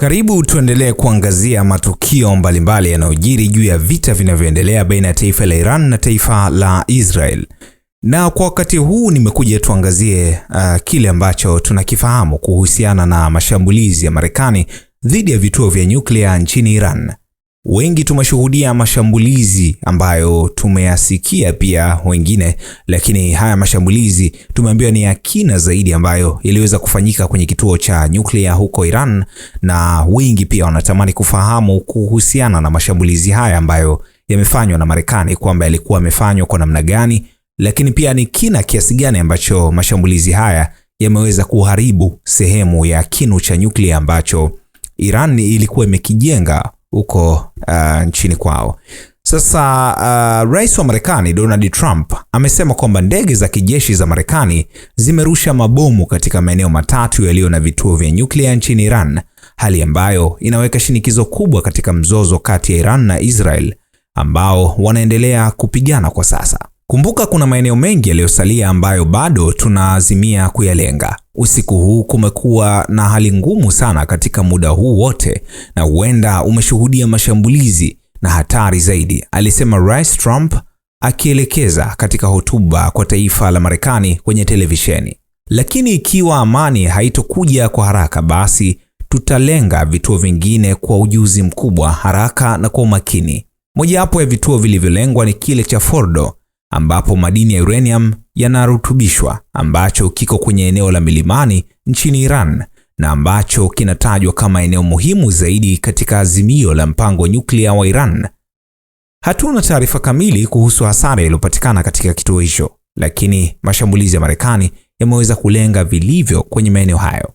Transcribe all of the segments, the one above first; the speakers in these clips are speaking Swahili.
Karibu tuendelee kuangazia matukio mbalimbali yanayojiri juu ya vita vinavyoendelea baina ya taifa la Iran na taifa la Israel. Na kwa wakati huu nimekuja tuangazie uh, kile ambacho tunakifahamu kuhusiana na mashambulizi ya Marekani dhidi ya vituo vya nyuklia nchini Iran. Wengi tumeshuhudia mashambulizi ambayo tumeyasikia pia wengine, lakini haya mashambulizi tumeambiwa ni ya kina zaidi ambayo yaliweza kufanyika kwenye kituo cha nyuklia huko Iran, na wengi pia wanatamani kufahamu kuhusiana na mashambulizi haya ambayo yamefanywa na Marekani, kwamba yalikuwa yamefanywa kwa namna gani, lakini pia ni kina kiasi gani ambacho mashambulizi haya yameweza kuharibu sehemu ya kinu cha nyuklia ambacho Iran ilikuwa imekijenga huko uh, nchini kwao. Sasa uh, rais wa Marekani Donald Trump amesema kwamba ndege za kijeshi za Marekani zimerusha mabomu katika maeneo matatu yaliyo na vituo vya nyuklia nchini Iran, hali ambayo inaweka shinikizo kubwa katika mzozo kati ya Iran na Israel ambao wanaendelea kupigana kwa sasa. Kumbuka kuna maeneo mengi yaliyosalia ambayo bado tunaazimia kuyalenga. Usiku huu kumekuwa na hali ngumu sana katika muda huu wote, na huenda umeshuhudia mashambulizi na hatari zaidi, alisema Rais Trump akielekeza katika hotuba kwa taifa la Marekani kwenye televisheni. Lakini ikiwa amani haitokuja kwa haraka, basi tutalenga vituo vingine kwa ujuzi mkubwa, haraka na kwa umakini. Mojawapo ya vituo vilivyolengwa ni kile cha Fordo ambapo madini ya uranium yanarutubishwa, ambacho kiko kwenye eneo la milimani nchini Iran na ambacho kinatajwa kama eneo muhimu zaidi katika azimio la mpango wa nyuklia wa Iran. Hatuna taarifa kamili kuhusu hasara iliyopatikana katika kituo hicho, lakini mashambulizi ya Marekani yameweza kulenga vilivyo kwenye maeneo hayo.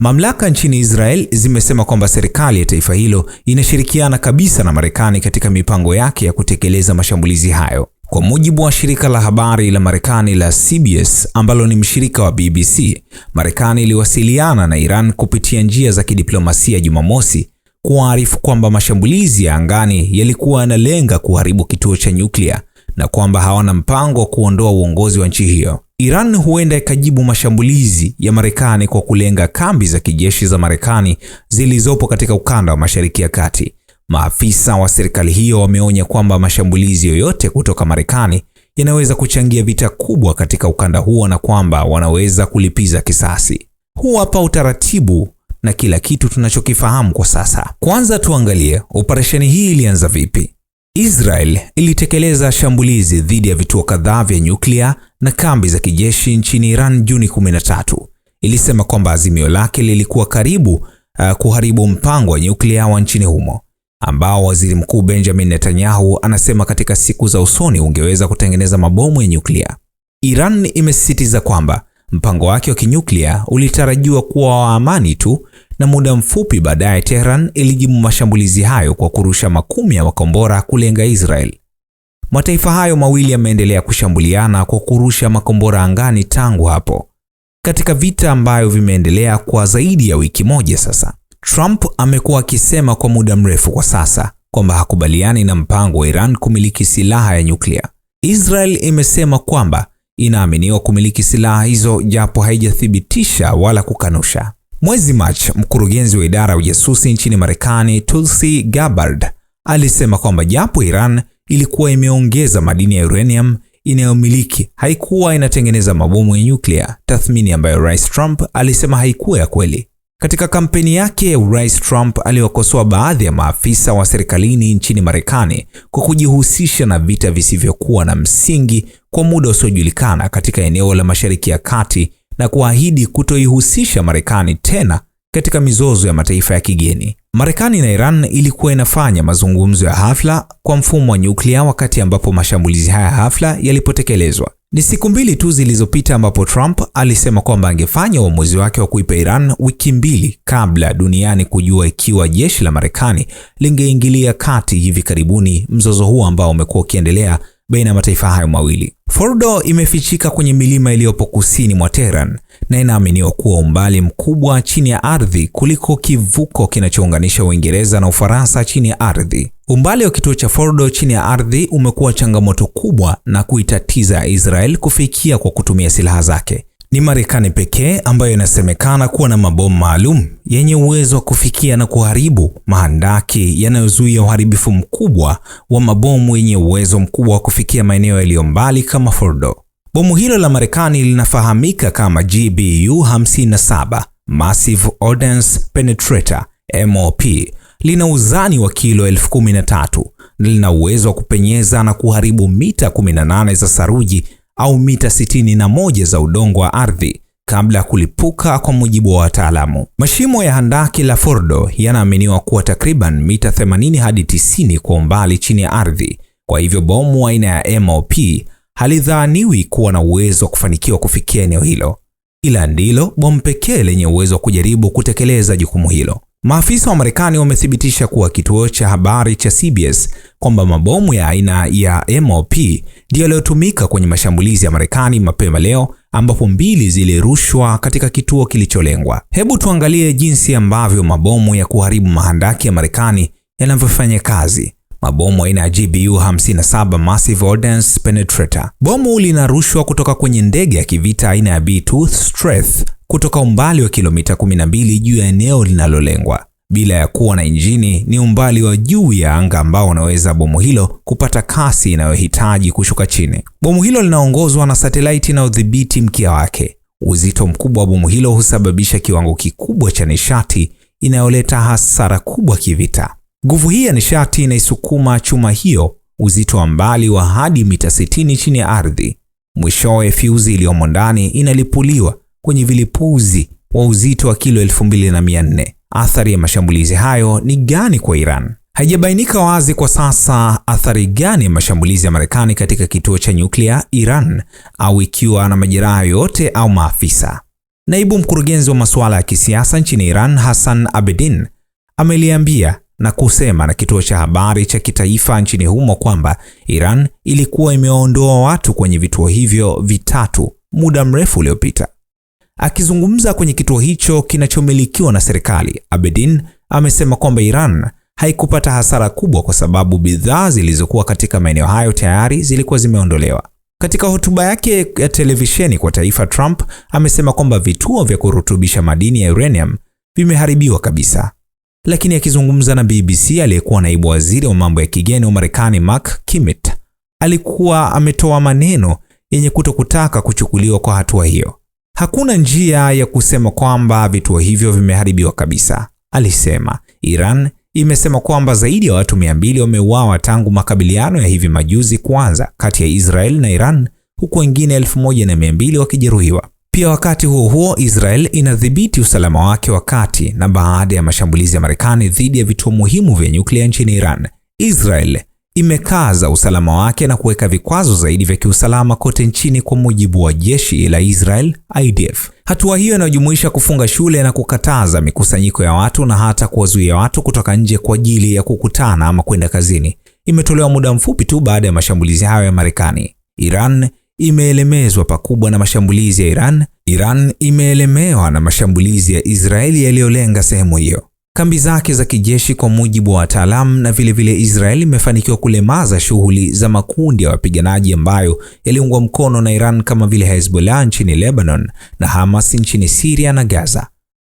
Mamlaka nchini Israel zimesema kwamba serikali ya taifa hilo inashirikiana kabisa na Marekani katika mipango yake ya kutekeleza mashambulizi hayo. Kwa mujibu wa shirika la habari la Marekani la CBS ambalo ni mshirika wa BBC, Marekani iliwasiliana na Iran kupitia njia za kidiplomasia Jumamosi kuwaarifu kwamba mashambulizi ya angani yalikuwa yanalenga kuharibu kituo cha nyuklia na kwamba hawana mpango wa kuondoa uongozi wa nchi hiyo. Iran huenda ikajibu mashambulizi ya Marekani kwa kulenga kambi za kijeshi za Marekani zilizopo katika ukanda wa Mashariki ya Kati. Maafisa wa serikali hiyo wameonya kwamba mashambulizi yoyote kutoka Marekani yanaweza kuchangia vita kubwa katika ukanda huo na kwamba wanaweza kulipiza kisasi. hapa utaratibu na kila kitu tunachokifahamu kwa sasa. Kwanza tuangalie operesheni hii ilianza vipi. Israel ilitekeleza shambulizi dhidi ya vituo kadhaa vya nyuklia na kambi za kijeshi nchini Iran Juni 13. Ilisema kwamba azimio lake lilikuwa karibu uh, kuharibu mpango wa nyuklia wa nchini humo ambao waziri mkuu Benjamin Netanyahu anasema katika siku za usoni ungeweza kutengeneza mabomu ya nyuklia. Iran imesisitiza kwamba mpango wake wa kinyuklia ulitarajiwa kuwa wa amani tu, na muda mfupi baadaye Tehran ilijibu mashambulizi hayo kwa kurusha makumi ya makombora kulenga Israel. Mataifa hayo mawili yameendelea kushambuliana kwa kurusha makombora angani tangu hapo, katika vita ambayo vimeendelea kwa zaidi ya wiki moja sasa. Trump amekuwa akisema kwa muda mrefu kwa sasa kwamba hakubaliani na mpango wa Iran kumiliki silaha ya nyuklia. Israel imesema kwamba inaaminiwa kumiliki silaha hizo japo haijathibitisha wala kukanusha. Mwezi Machi, mkurugenzi wa idara ya ujasusi nchini Marekani, Tulsi Gabbard, alisema kwamba japo Iran ilikuwa imeongeza madini ya uranium inayomiliki, haikuwa inatengeneza mabomu ya nyuklia, tathmini ambayo Rais Trump alisema haikuwa ya kweli. Katika kampeni yake rais Trump aliwakosoa baadhi ya maafisa wa serikalini nchini Marekani kwa kujihusisha na vita visivyokuwa na msingi kwa muda usiojulikana katika eneo la Mashariki ya Kati na kuahidi kutoihusisha Marekani tena katika mizozo ya mataifa ya kigeni. Marekani na Iran ilikuwa inafanya mazungumzo ya hafla kwa mfumo wa nyuklia wakati ambapo mashambulizi haya hafla yalipotekelezwa. Ni siku mbili tu zilizopita ambapo Trump alisema kwamba angefanya uamuzi wake wa kuipa Iran wiki mbili kabla duniani kujua ikiwa jeshi la Marekani lingeingilia kati hivi karibuni mzozo huo ambao umekuwa ukiendelea baina ya mataifa hayo mawili. Fordo imefichika kwenye milima iliyopo kusini mwa Tehran na inaaminiwa kuwa umbali mkubwa chini ya ardhi kuliko kivuko kinachounganisha Uingereza na Ufaransa chini ya ardhi. Umbali wa kituo cha Fordo chini ya ardhi umekuwa changamoto kubwa na kuitatiza Israel kufikia kwa kutumia silaha zake. Ni Marekani pekee ambayo inasemekana kuwa na mabomu maalum yenye uwezo wa kufikia na kuharibu mahandaki yanayozuia uharibifu mkubwa wa mabomu yenye uwezo mkubwa wa kufikia maeneo yaliyo mbali kama Fordo. Bomu hilo la Marekani linafahamika kama GBU 57 Massive Ordnance Penetrator MOP. Lina uzani wa kilo elfu na lina uwezo wa kupenyeza na kuharibu mita 18 za saruji au mita 61 za udongo wa ardhi kabla ya kulipuka kwa mujibu wa wataalamu. Mashimo ya handaki la Fordo yanaaminiwa kuwa takriban mita 80 hadi 90 kwa umbali chini ya ardhi. Kwa hivyo bomu aina ya MOP halidhaniwi kuwa na uwezo wa kufanikiwa kufikia eneo hilo, ila ndilo bomu pekee lenye uwezo wa kujaribu kutekeleza jukumu hilo. Maafisa wa Marekani wamethibitisha kuwa kituo cha habari cha CBS kwamba mabomu ya aina ya MOP ndiyo yaliyotumika kwenye mashambulizi ya Marekani mapema leo ambapo mbili zilirushwa katika kituo kilicholengwa. Hebu tuangalie jinsi ambavyo mabomu ya kuharibu mahandaki ya Marekani yanavyofanya kazi. Mabomu aina ya GBU 57 Massive Ordnance Penetrator. Bomu linarushwa kutoka kwenye ndege ya kivita aina ya B2 Strength kutoka umbali wa kilomita 12 juu ya eneo linalolengwa. Bila ya kuwa na injini, ni umbali wa juu ya anga ambao unaweza bomu hilo kupata kasi inayohitaji kushuka chini. Bomu hilo linaongozwa na satelaiti inayodhibiti mkia wake. Uzito mkubwa wa bomu hilo husababisha kiwango kikubwa cha nishati inayoleta hasara kubwa kivita. Nguvu hii ya nishati inaisukuma chuma hiyo uzito wa mbali wa hadi mita 60 chini ya ardhi. Mwishowe, fyuzi iliyomo ndani inalipuliwa kwenye vilipuzi wa uzito wa kilo 2400. Athari ya mashambulizi hayo ni gani kwa Iran? Haijabainika wazi kwa sasa athari gani ya mashambulizi ya Marekani katika kituo cha nyuklia Iran au ikiwa na majeraha yoyote au maafisa. Naibu mkurugenzi wa masuala ya kisiasa nchini Iran, Hassan Abedin, ameliambia na kusema na kituo cha habari cha kitaifa nchini humo kwamba Iran ilikuwa imeondoa watu kwenye vituo hivyo vitatu muda mrefu uliopita. Akizungumza kwenye kituo hicho kinachomilikiwa na serikali, Abedin amesema kwamba Iran haikupata hasara kubwa kwa sababu bidhaa zilizokuwa katika maeneo hayo tayari zilikuwa zimeondolewa. Katika hotuba yake ya televisheni kwa taifa, Trump amesema kwamba vituo vya kurutubisha madini ya uranium vimeharibiwa kabisa. Lakini akizungumza na BBC, aliyekuwa naibu waziri wa mambo ya kigeni wa Marekani Mark kimmit alikuwa ametoa maneno yenye kutokutaka kuchukuliwa kwa hatua hiyo. Hakuna njia ya kusema kwamba vituo hivyo vimeharibiwa kabisa, alisema. Iran imesema kwamba zaidi ya watu 200 wameuawa tangu makabiliano ya hivi majuzi kuanza kati ya Israel na Iran, huku wengine 1200 wakijeruhiwa. Pia wakati huo huo, Israel inadhibiti usalama wake wakati na baada ya mashambulizi ya Marekani dhidi ya vituo muhimu vya nyuklia nchini Iran. Israel imekaza usalama wake na kuweka vikwazo zaidi vya kiusalama kote nchini kwa mujibu wa jeshi la Israel IDF. Hatua hiyo inajumuisha kufunga shule na kukataza mikusanyiko ya watu na hata kuwazuia watu kutoka nje kwa ajili ya kukutana ama kwenda kazini. Imetolewa muda mfupi tu baada ya mashambulizi hayo ya Marekani. Iran imeelemezwa pakubwa na mashambulizi ya Iran. Iran imeelemewa na mashambulizi ya Israeli yaliyolenga sehemu hiyo kambi zake za kijeshi kwa mujibu wa wataalamu, na vilevile Israel imefanikiwa kulemaza shughuli za makundi ya wapiganaji ambayo yaliungwa mkono na Iran kama vile Hezbollah nchini Lebanon na Hamas nchini Syria na Gaza.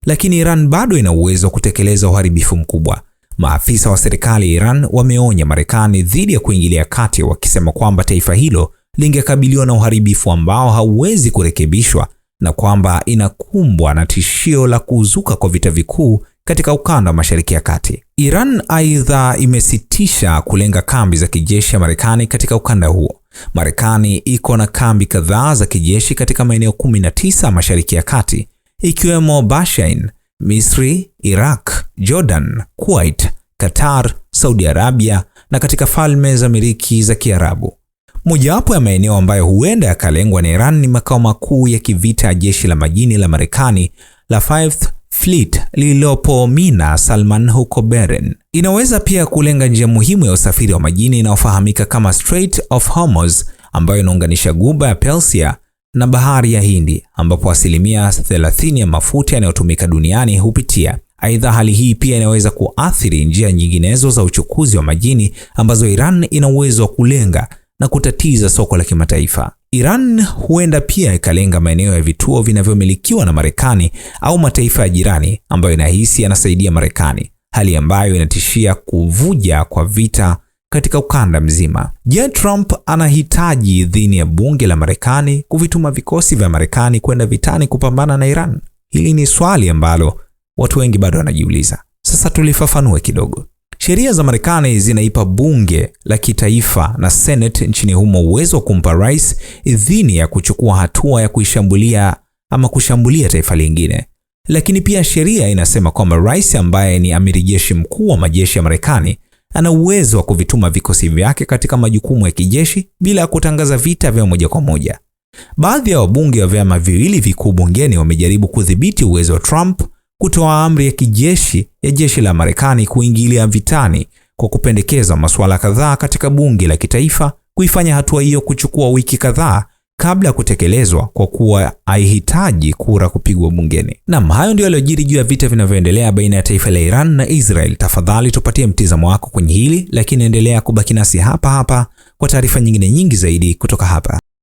Lakini Iran bado ina uwezo wa kutekeleza uharibifu mkubwa. Maafisa wa serikali ya Iran wameonya Marekani dhidi ya kuingilia kati, wakisema kwamba taifa hilo lingekabiliwa na uharibifu ambao hauwezi kurekebishwa na kwamba inakumbwa na tishio la kuzuka kwa vita vikuu katika ukanda wa Mashariki ya Kati. Iran aidha imesitisha kulenga kambi za kijeshi ya Marekani katika ukanda huo. Marekani iko na kambi kadhaa za kijeshi katika maeneo 19 Mashariki ya Kati, ikiwemo Bahrain, Misri, Iraq, Jordan, Kuwait, Qatar, Saudi Arabia na katika falme za Miliki za Kiarabu. Mojawapo ya maeneo ambayo huenda yakalengwa na Iran ni makao makuu ya kivita ya jeshi la majini la Marekani la 5th Fleet lililopo Mina Salman huko beren Inaweza pia kulenga njia muhimu ya usafiri wa majini inayofahamika kama Strait of Hormuz ambayo inaunganisha Guba ya Persia na Bahari ya Hindi ambapo asilimia 30 ya mafuta yanayotumika duniani hupitia. Aidha, hali hii pia inaweza kuathiri njia nyinginezo za uchukuzi wa majini ambazo Iran ina uwezo wa kulenga na kutatiza soko la kimataifa. Iran huenda pia ikalenga maeneo ya vituo vinavyomilikiwa na Marekani au mataifa ya jirani ambayo inahisi yanasaidia Marekani, hali ambayo inatishia kuvuja kwa vita katika ukanda mzima. Je, Trump anahitaji idhini ya bunge la Marekani kuvituma vikosi vya Marekani kwenda vitani kupambana na Iran? Hili ni swali ambalo watu wengi bado wanajiuliza. Sasa tulifafanue kidogo. Sheria za Marekani zinaipa bunge la kitaifa na Senate nchini humo uwezo wa kumpa rais idhini ya kuchukua hatua ya kuishambulia ama kushambulia taifa lingine. Lakini pia sheria inasema kwamba rais ambaye ni amiri jeshi mkuu wa majeshi ya Marekani ana uwezo wa kuvituma vikosi vyake katika majukumu ya kijeshi bila ya kutangaza vita vya moja kwa moja. Baadhi ya wabunge wa vyama viwili vikuu bungeni wamejaribu kudhibiti uwezo wa Trump kutoa amri ya kijeshi ya jeshi la Marekani kuingilia vitani kwa kupendekeza masuala kadhaa katika bunge la kitaifa, kuifanya hatua hiyo kuchukua wiki kadhaa kabla ya kutekelezwa kwa kuwa haihitaji kura kupigwa bungeni. Naam, hayo ndio yaliyojiri juu ya vita vinavyoendelea baina ya taifa la Iran na Israel. Tafadhali tupatie mtizamo wako kwenye hili, lakini endelea kubaki nasi hapa hapa kwa taarifa nyingine nyingi zaidi kutoka hapa.